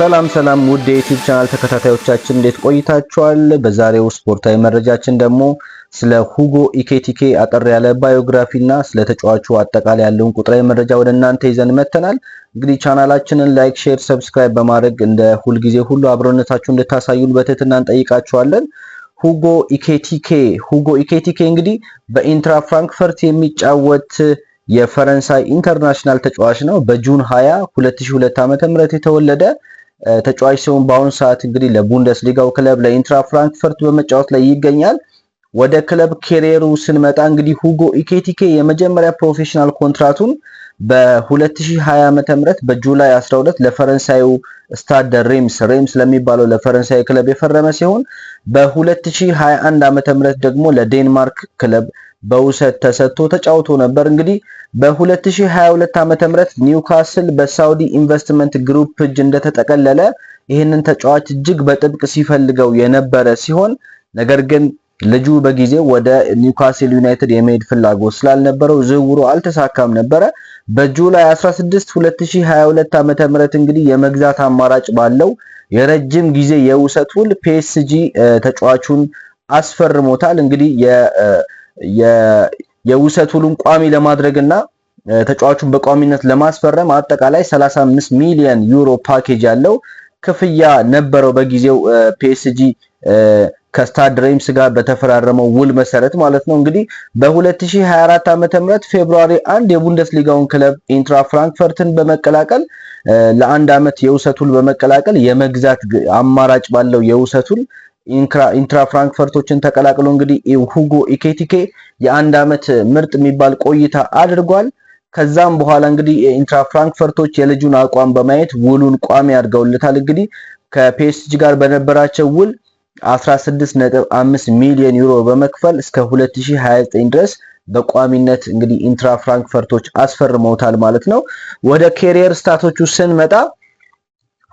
ሰላም ሰላም ውድ የዩቲዩብ ቻናል ተከታታዮቻችን እንዴት ቆይታችኋል? በዛሬው ስፖርታዊ መረጃችን ደግሞ ስለ ሁጎ ኢኬቲኬ አጠር ያለ ባዮግራፊ እና ስለ ተጫዋቹ አጠቃላይ ያለውን ቁጥራዊ መረጃ ወደ እናንተ ይዘን መተናል። እንግዲህ ቻናላችንን ላይክ፣ ሼር፣ ሰብስክራይብ በማድረግ እንደ ሁልጊዜ ሁሉ አብሮነታችሁ እንድታሳዩን በትህትና እንጠይቃችኋለን። ሁጎ ኢኬቲኬ ሁጎ ኢኬቲኬ እንግዲህ በኢንትራ ፍራንክፈርት የሚጫወት የፈረንሳይ ኢንተርናሽናል ተጫዋች ነው። በጁን 20 2002 ዓ.ም የተወለደ ተጫዋች ሲሆን በአሁኑ ሰዓት እንግዲህ ለቡንደስሊጋው ክለብ ለኢንትራ ፍራንክፈርት በመጫወት ላይ ይገኛል። ወደ ክለብ ኬሬሩ ስንመጣ እንግዲህ ሁጎ ኢኬቲኬ የመጀመሪያ ፕሮፌሽናል ኮንትራቱን በ2020 ዓ.ም በጁላይ 12 ለፈረንሳዩ ስታድ ሬምስ ሬምስ ለሚባለው ለፈረንሳይ ክለብ የፈረመ ሲሆን በ2021 ዓ.ም ደግሞ ለዴንማርክ ክለብ በውሰት ተሰጥቶ ተጫውቶ ነበር። እንግዲህ በ2022 ዓ.ም ኒውካስል በሳውዲ ኢንቨስትመንት ግሩፕ እጅ እንደተጠቀለለ ይህንን ተጫዋች እጅግ በጥብቅ ሲፈልገው የነበረ ሲሆን ነገር ግን ልጁ በጊዜው ወደ ኒውካስል ዩናይትድ የመሄድ ፍላጎት ስላልነበረው ዝውውሩ አልተሳካም ነበረ። በጁላይ 16 2022 ዓ.ም እንግዲህ የመግዛት አማራጭ ባለው የረጅም ጊዜ የውሰት ውል ፒኤስጂ ተጫዋቹን አስፈርሞታል። እንግዲህ የውሰት ውሉን ቋሚ ለማድረግና ተጫዋቹን በቋሚነት ለማስፈረም አጠቃላይ 35 ሚሊዮን ዩሮ ፓኬጅ ያለው ክፍያ ነበረው በጊዜው ፒኤስጂ ከስታድ ሬምስ ጋር በተፈራረመው ውል መሰረት ማለት ነው። እንግዲህ በ2024 ዓ.ም ፌብሩዋሪ አንድ የቡንደስሊጋውን ክለብ ኢንትራ ፍራንክፈርትን በመቀላቀል ለአንድ ዓመት የውሰት ውል በመቀላቀል የመግዛት አማራጭ ባለው የውሰት ውል ኢንትራ ፍራንክፈርቶችን ተቀላቅሎ እንግዲህ ሁጎ ኢኬቲኬ የአንድ ዓመት ምርጥ የሚባል ቆይታ አድርጓል። ከዛም በኋላ እንግዲህ የኢንትራ ፍራንክፈርቶች የልጁን አቋም በማየት ውሉን ቋሚ አድርገውለታል። እንግዲህ ከፒኤስጂ ጋር በነበራቸው ውል 16.5 ሚሊዮን ዩሮ በመክፈል እስከ 2029 ድረስ በቋሚነት እንግዲህ ኢንትራ ፍራንክፈርቶች አስፈርመውታል ማለት ነው። ወደ ኬሪየር ስታቶቹ ስንመጣ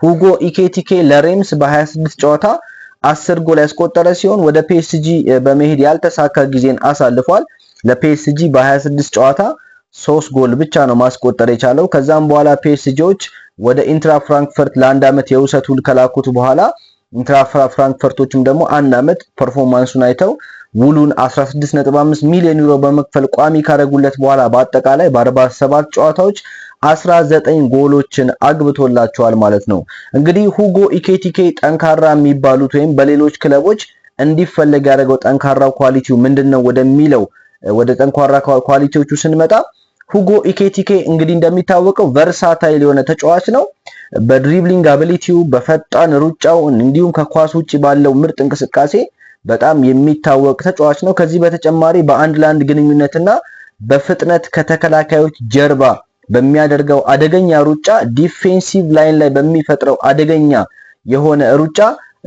ሁጎ ኢኬቲኬ ለሬምስ በ26 ጨዋታ አስር ጎል ያስቆጠረ ሲሆን ወደ ፒኤስጂ በመሄድ ያልተሳካ ጊዜን አሳልፏል። ለፒኤስጂ በ26 ጨዋታ ሶስት ጎል ብቻ ነው ማስቆጠር የቻለው። ከዛም በኋላ ፒኤስጂዎች ወደ ኢንትራ ፍራንክፈርት ለአንድ ዓመት የውሰት ውል ከላኩት በኋላ ኢንትራ ፍራንክፈርቶችም ደግሞ አንድ ዓመት ፐርፎርማንሱን አይተው ውሉን 16.5 ሚሊዮን ዩሮ በመክፈል ቋሚ ካረጉለት በኋላ በአጠቃላይ በ47 ጨዋታዎች 19 ጎሎችን አግብቶላቸዋል ማለት ነው። እንግዲህ ሁጎ ኢኬቲኬ ጠንካራ የሚባሉት ወይም በሌሎች ክለቦች እንዲፈለግ ያደረገው ጠንካራ ኳሊቲው ምንድን ነው ወደሚለው ወደ ጠንካራ ኳሊቲዎቹ ስንመጣ ሁጎ ኢኬቲኬ እንግዲህ እንደሚታወቀው ቨርሳታይል የሆነ ተጫዋች ነው። በድሪብሊንግ አቢሊቲው፣ በፈጣን ሩጫው እንዲሁም ከኳስ ውጭ ባለው ምርጥ እንቅስቃሴ በጣም የሚታወቅ ተጫዋች ነው። ከዚህ በተጨማሪ በአንድ ለአንድ ግንኙነትና በፍጥነት ከተከላካዮች ጀርባ በሚያደርገው አደገኛ ሩጫ ዲፌንሲቭ ላይን ላይ በሚፈጥረው አደገኛ የሆነ ሩጫ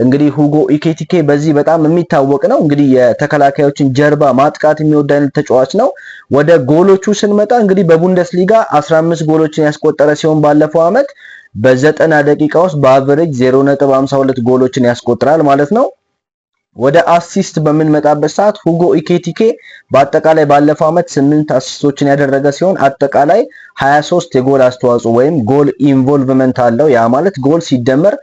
እንግዲህ ሁጎ ኢኬቲኬ በዚህ በጣም የሚታወቅ ነው። እንግዲህ የተከላካዮችን ጀርባ ማጥቃት የሚወድ አይነት ተጫዋች ነው። ወደ ጎሎቹ ስንመጣ እንግዲህ በቡንደስሊጋ 15 ጎሎችን ያስቆጠረ ሲሆን ባለፈው ዓመት በዘጠና ደቂቃ ውስጥ በአቨሬጅ 0.52 ጎሎችን ያስቆጥራል ማለት ነው። ወደ አሲስት በምንመጣበት ሰዓት ሁጎ ኢኬቲኬ በአጠቃላይ ባለፈው ዓመት ስምንት አሲስቶችን ያደረገ ሲሆን አጠቃላይ 23 የጎል አስተዋጽኦ ወይም ጎል ኢንቮልቭመንት አለው። ያ ማለት ጎል ሲደመር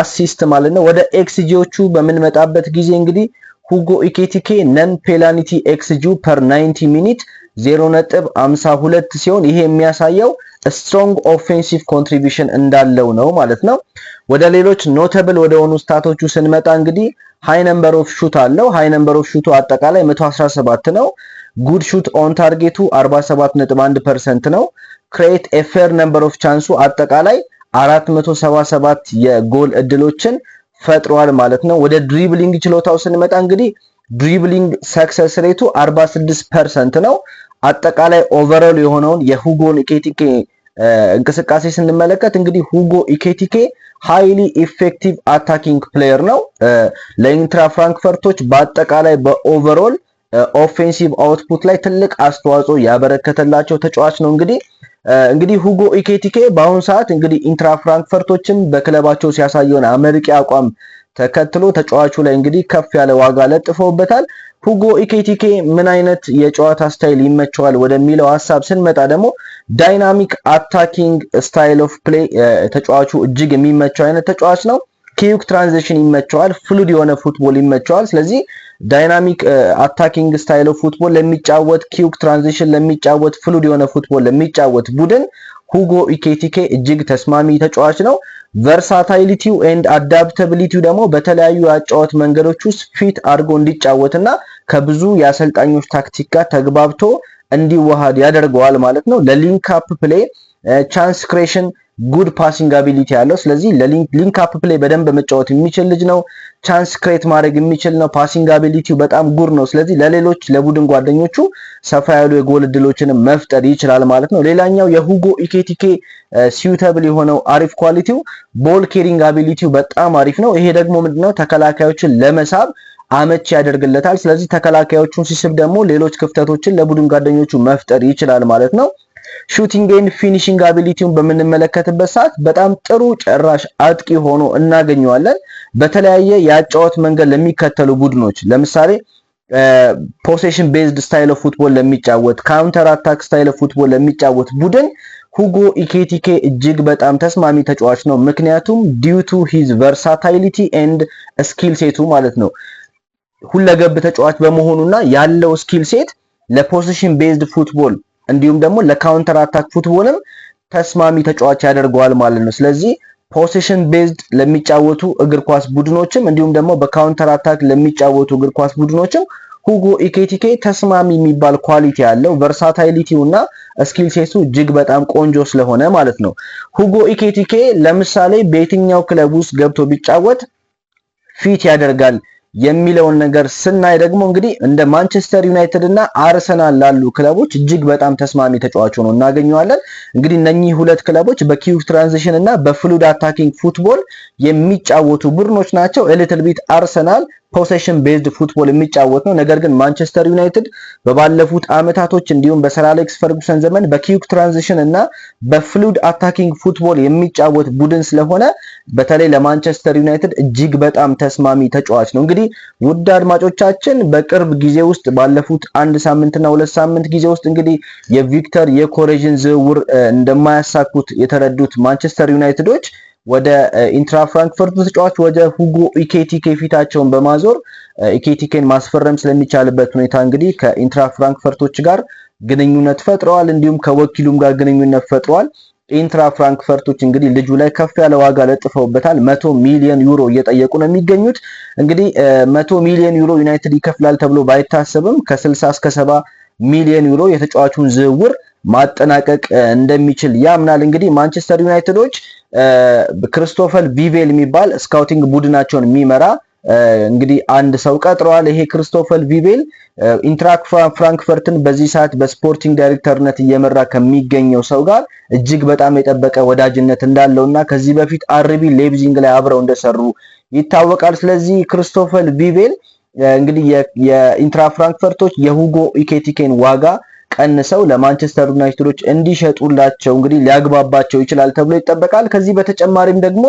አሲስት ማለት ነው። ወደ ኤክስጂዎቹ በምንመጣበት ጊዜ እንግዲህ ሁጎ ኢኬቲኬ ነን ፔናልቲ ኤክስጂው ፐር 90 ሚኒት 0.52 ሲሆን ይሄ የሚያሳየው ስትሮንግ ኦፌንሲቭ ኮንትሪቢሽን እንዳለው ነው ማለት ነው። ወደ ሌሎች ኖተብል ወደ ሆኑ ስታቶቹ ስንመጣ እንግዲህ ሃይ ነምበር ኦፍ ሹት አለው። ሃይ ነምበር ኦፍ ሹቱ አጠቃላይ 117 ነው። ጉድ ሹት ኦን ታርጌቱ 47.1% ነው። ክሬት ኤ ፌር ነምበር ኦፍ ቻንሱ አጠቃላይ 477 የጎል እድሎችን ፈጥሯል ማለት ነው። ወደ ድሪብሊንግ ችሎታው ስንመጣ እንግዲህ ድሪብሊንግ ሰክሰስ ሬቱ 46 ፐርሰንት ነው። አጠቃላይ ኦቨሮል የሆነውን የሁጎን ኢኬቲኬ እንቅስቃሴ ስንመለከት እንግዲህ ሁጎ ኢኬቲኬ ሃይሊ ኢፌክቲቭ አታኪንግ ፕሌየር ነው። ለኢንትራ ፍራንክፈርቶች በአጠቃላይ በኦቨሮል ኦፌንሲቭ አውትፑት ላይ ትልቅ አስተዋጽኦ ያበረከተላቸው ተጫዋች ነው። እንግዲህ እንግዲህ ሁጎ ኢኬቲኬ በአሁኑ ሰዓት እንግዲህ ኢንትራ ፍራንክፈርቶችን በክለባቸው ሲያሳየውን አመርቂ አቋም ተከትሎ ተጫዋቹ ላይ እንግዲህ ከፍ ያለ ዋጋ ለጥፈውበታል። ሁጎ ኢኬቲኬ ምን አይነት የጨዋታ ስታይል ይመቸዋል ወደሚለው ሀሳብ ስንመጣ ደግሞ ዳይናሚክ አታኪንግ ስታይል ኦፍ ፕሌይ ተጫዋቹ እጅግ የሚመቸው አይነት ተጫዋች ነው። ኪዩክ ትራንዚሽን ይመቸዋል። ፍሉድ የሆነ ፉትቦል ይመቸዋል። ስለዚህ ዳይናሚክ አታኪንግ ስታይል ኦፍ ፉትቦል ለሚጫወት ኪዩክ ትራንዚሽን ለሚጫወት ፍሉድ የሆነ ፉትቦል ለሚጫወት ቡድን ሁጎ ኢኬቲኬ እጅግ ተስማሚ ተጫዋች ነው። ቨርሳታይሊቲው ኤንድ አዳፕታቢሊቲው ደግሞ በተለያዩ የአጫወት መንገዶች ውስጥ ፊት አድርጎ እንዲጫወትና ከብዙ የአሰልጣኞች ታክቲክ ጋር ተግባብቶ እንዲዋሃድ ያደርገዋል ማለት ነው። ለሊንክ አፕ ፕሌይ ቻንስ ክሬሽን ጉድ ፓሲንግ አቢሊቲ ያለው ስለዚህ ሊንክ አፕ ፕሌይ በደንብ መጫወት የሚችል ልጅ ነው። ቻንስ ክሬት ማድረግ የሚችል ነው። ፓሲንግ አቢሊቲው በጣም ጉድ ነው። ስለዚህ ለሌሎች ለቡድን ጓደኞቹ ሰፋ ያሉ የጎል እድሎችን መፍጠር ይችላል ማለት ነው። ሌላኛው የሁጎ ኢኬቲኬ ሲዩተብል የሆነው አሪፍ ኳሊቲው ቦል ኬሪንግ አቢሊቲው በጣም አሪፍ ነው። ይሄ ደግሞ ምንድነው ተከላካዮችን ለመሳብ አመች ያደርግለታል። ስለዚህ ተከላካዮቹን ሲስብ ደግሞ ሌሎች ክፍተቶችን ለቡድን ጓደኞቹ መፍጠር ይችላል ማለት ነው። ሹቲንግ ኤንድ ፊኒሺንግ አቢሊቲውን በምንመለከትበት ሰዓት በጣም ጥሩ ጨራሽ አጥቂ ሆኖ እናገኘዋለን። በተለያየ የአጫወት መንገድ ለሚከተሉ ቡድኖች ለምሳሌ ፖሴሽን ቤዝድ ስታይል ኦፍ ፉትቦል ለሚጫወት ካውንተር አታክ ስታይል ኦፍ ፉትቦል ለሚጫወት ቡድን ሁጎ ኢኬቲኬ እጅግ በጣም ተስማሚ ተጫዋች ነው። ምክንያቱም ዲዩ ቱ ሂዝ ቨርሳታይሊቲ ኤንድ ስኪል ሴቱ ማለት ነው። ሁለገብ ተጫዋች በመሆኑና ያለው ስኪል ሴት ለፖሴሽን ቤዝድ ፉትቦል እንዲሁም ደግሞ ለካውንተር አታክ ፉትቦልም ተስማሚ ተጫዋች ያደርገዋል ማለት ነው። ስለዚህ ፖሴሽን ቤዝድ ለሚጫወቱ እግር ኳስ ቡድኖችም እንዲሁም ደግሞ በካውንተር አታክ ለሚጫወቱ እግር ኳስ ቡድኖችም ሁጎ ኢኬቲኬ ተስማሚ የሚባል ኳሊቲ ያለው ቨርሳታይሊቲው እና ስኪል ሴቱ እጅግ በጣም ቆንጆ ስለሆነ ማለት ነው። ሁጎ ኢኬቲኬ ለምሳሌ በየትኛው ክለብ ውስጥ ገብቶ ቢጫወት ፊት ያደርጋል የሚለውን ነገር ስናይ ደግሞ እንግዲህ እንደ ማንቸስተር ዩናይትድ እና አርሰናል ላሉ ክለቦች እጅግ በጣም ተስማሚ ተጫዋች ሆኖ እናገኘዋለን። እንግዲህ እነኚህ ሁለት ክለቦች በኪዩክ ትራንዚሽን እና በፍሉድ አታኪንግ ፉትቦል የሚጫወቱ ቡድኖች ናቸው። ኤሊትል ቢት አርሰናል ፖሴሽን ቤዝድ ፉትቦል የሚጫወት ነው። ነገር ግን ማንቸስተር ዩናይትድ በባለፉት አመታቶች እንዲሁም በሰር አሌክስ ፈርጉሰን ዘመን በኪዩክ ትራንዚሽን እና በፍሉድ አታኪንግ ፉትቦል የሚጫወት ቡድን ስለሆነ በተለይ ለማንቸስተር ዩናይትድ እጅግ በጣም ተስማሚ ተጫዋች ነው። እንግዲህ ውድ አድማጮቻችን በቅርብ ጊዜ ውስጥ ባለፉት አንድ ሳምንትና ሁለት ሳምንት ጊዜ ውስጥ እንግዲህ የቪክተር የኮሬዥን ዝውውር እንደማያሳኩት የተረዱት ማንቸስተር ዩናይትዶች ወደ ኢንትራ ፍራንክፈርቱ ተጫዋች ወደ ሁጎ ኢኬቲኬ ፊታቸውን በማዞር ኢኬቲኬን ማስፈረም ስለሚቻልበት ሁኔታ እንግዲህ ከኢንትራ ፍራንክፈርቶች ጋር ግንኙነት ፈጥረዋል። እንዲሁም ከወኪሉም ጋር ግንኙነት ፈጥረዋል። ኢንትራ ፍራንክፈርቶች እንግዲህ ልጁ ላይ ከፍ ያለ ዋጋ ለጥፈውበታል። መቶ ሚሊዮን ዩሮ እየጠየቁ ነው የሚገኙት። እንግዲህ መቶ ሚሊዮን ዩሮ ዩናይትድ ይከፍላል ተብሎ ባይታሰብም ከ60 እስከ 70 ሚሊዮን ዩሮ የተጫዋቹን ዝውውር ማጠናቀቅ እንደሚችል ያምናል። እንግዲህ ማንቸስተር ዩናይትዶች ክርስቶፈል ቪቬል የሚባል ስካውቲንግ ቡድናቸውን የሚመራ እንግዲህ አንድ ሰው ቀጥረዋል። ይሄ ክርስቶፈል ቪቬል ኢንትራክ ፍራንክፈርትን በዚህ ሰዓት በስፖርቲንግ ዳይሬክተርነት እየመራ ከሚገኘው ሰው ጋር እጅግ በጣም የጠበቀ ወዳጅነት እንዳለው እና ከዚህ በፊት አርቢ ሌብዚንግ ላይ አብረው እንደሰሩ ይታወቃል። ስለዚህ ክርስቶፈል ቪቬል እንግዲህ የኢንትራ ፍራንክፈርቶች የሁጎ ኢኬቲኬን ዋጋ ቀንሰው ለማንቸስተር ዩናይትዶች እንዲሸጡላቸው እንግዲህ ሊያግባባቸው ይችላል ተብሎ ይጠበቃል። ከዚህ በተጨማሪም ደግሞ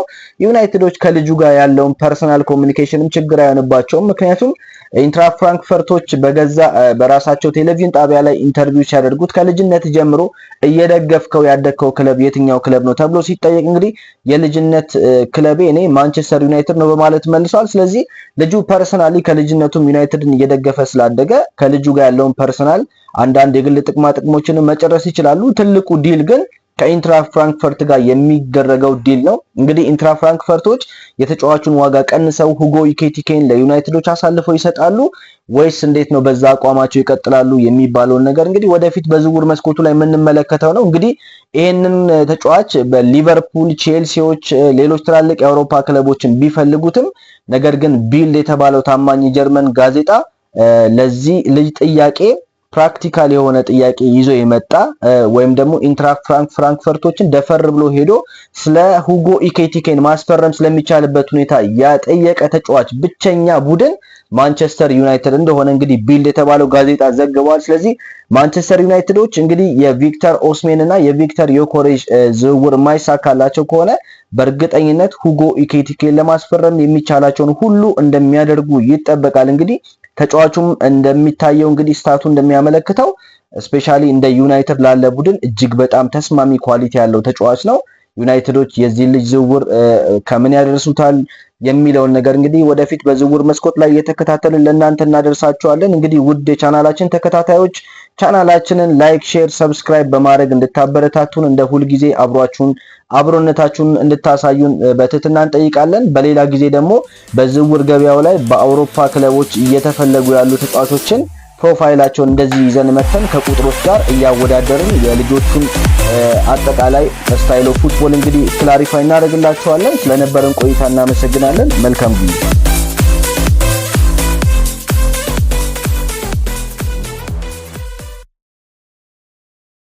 ዩናይትዶች ከልጁ ጋር ያለውን ፐርሰናል ኮሚኒኬሽንም ችግር አይሆንባቸውም። ምክንያቱም ኢንትራ ፍራንክፈርቶች በገዛ በራሳቸው ቴሌቪዥን ጣቢያ ላይ ኢንተርቪው ሲያደርጉት ከልጅነት ጀምሮ እየደገፍከው ያደግከው ክለብ የትኛው ክለብ ነው ተብሎ ሲጠየቅ እንግዲህ የልጅነት ክለቤ እኔ ማንቸስተር ዩናይትድ ነው በማለት መልሷል። ስለዚህ ልጁ ፐርሰናሊ ከልጅነቱም ዩናይትድን እየደገፈ ስላደገ ከልጁ ጋር ያለውን ፐርሰናል አንዳንድ የግል ጥቅማ ጥቅሞችንም መጨረስ ይችላሉ። ትልቁ ዲል ግን ከኢንትራ ፍራንክፈርት ጋር የሚደረገው ዲል ነው። እንግዲህ ኢንትራ ፍራንክፈርቶች የተጫዋቹን ዋጋ ቀንሰው ሁጎ ኢኬቲኬን ለዩናይትዶች አሳልፈው ይሰጣሉ ወይስ እንዴት ነው በዛ አቋማቸው ይቀጥላሉ የሚባለውን ነገር እንግዲህ ወደፊት በዝውውር መስኮቱ ላይ የምንመለከተው ነው። እንግዲህ ይህንን ተጫዋች በሊቨርፑል፣ ቼልሲዎች፣ ሌሎች ትላልቅ የአውሮፓ ክለቦችን ቢፈልጉትም ነገር ግን ቢልድ የተባለው ታማኝ የጀርመን ጋዜጣ ለዚህ ልጅ ጥያቄ ፕራክቲካል የሆነ ጥያቄ ይዞ የመጣ ወይም ደግሞ ኢንትራክት ፍራንክፈርቶችን ደፈር ብሎ ሄዶ ስለ ሁጎ ኢኬቲኬን ማስፈረም ስለሚቻልበት ሁኔታ ያጠየቀ ተጫዋች ብቸኛ ቡድን ማንቸስተር ዩናይትድ እንደሆነ እንግዲህ ቢልድ የተባለው ጋዜጣ ዘግቧል። ስለዚህ ማንቸስተር ዩናይትዶች እንግዲህ የቪክተር ኦስሜን እና የቪክተር ዮኮሬጅ ዝውውር የማይሳካላቸው ከሆነ በእርግጠኝነት ሁጎ ኢኬቲኬን ለማስፈረም የሚቻላቸውን ሁሉ እንደሚያደርጉ ይጠበቃል። እንግዲህ ተጫዋቹም እንደሚታየው እንግዲህ ስታቱ እንደሚያመለክተው ስፔሻሊ እንደ ዩናይትድ ላለ ቡድን እጅግ በጣም ተስማሚ ኳሊቲ ያለው ተጫዋች ነው። ዩናይትዶች የዚህ ልጅ ዝውውር ከምን ያደርሱታል የሚለውን ነገር እንግዲህ ወደፊት በዝውውር መስኮት ላይ እየተከታተልን ለእናንተ እናደርሳችኋለን። እንግዲህ ውድ የቻናላችን ተከታታዮች ቻናላችንን ላይክ፣ ሼር፣ ሰብስክራይብ በማድረግ እንድታበረታቱን እንደ ሁልጊዜ አብሯችሁን አብሮነታችሁን እንድታሳዩን በትህትና እንጠይቃለን። በሌላ ጊዜ ደግሞ በዝውውር ገበያው ላይ በአውሮፓ ክለቦች እየተፈለጉ ያሉ ተጫዋቾችን ፕሮፋይላቸውን እንደዚህ ይዘን መተን ከቁጥሮች ጋር እያወዳደርን የልጆቹን አጠቃላይ ስታይል ኦፍ ፉትቦል እንግዲህ ክላሪፋይ እናደርግላቸዋለን። ስለነበረን ቆይታ እናመሰግናለን። መልካም ጊዜ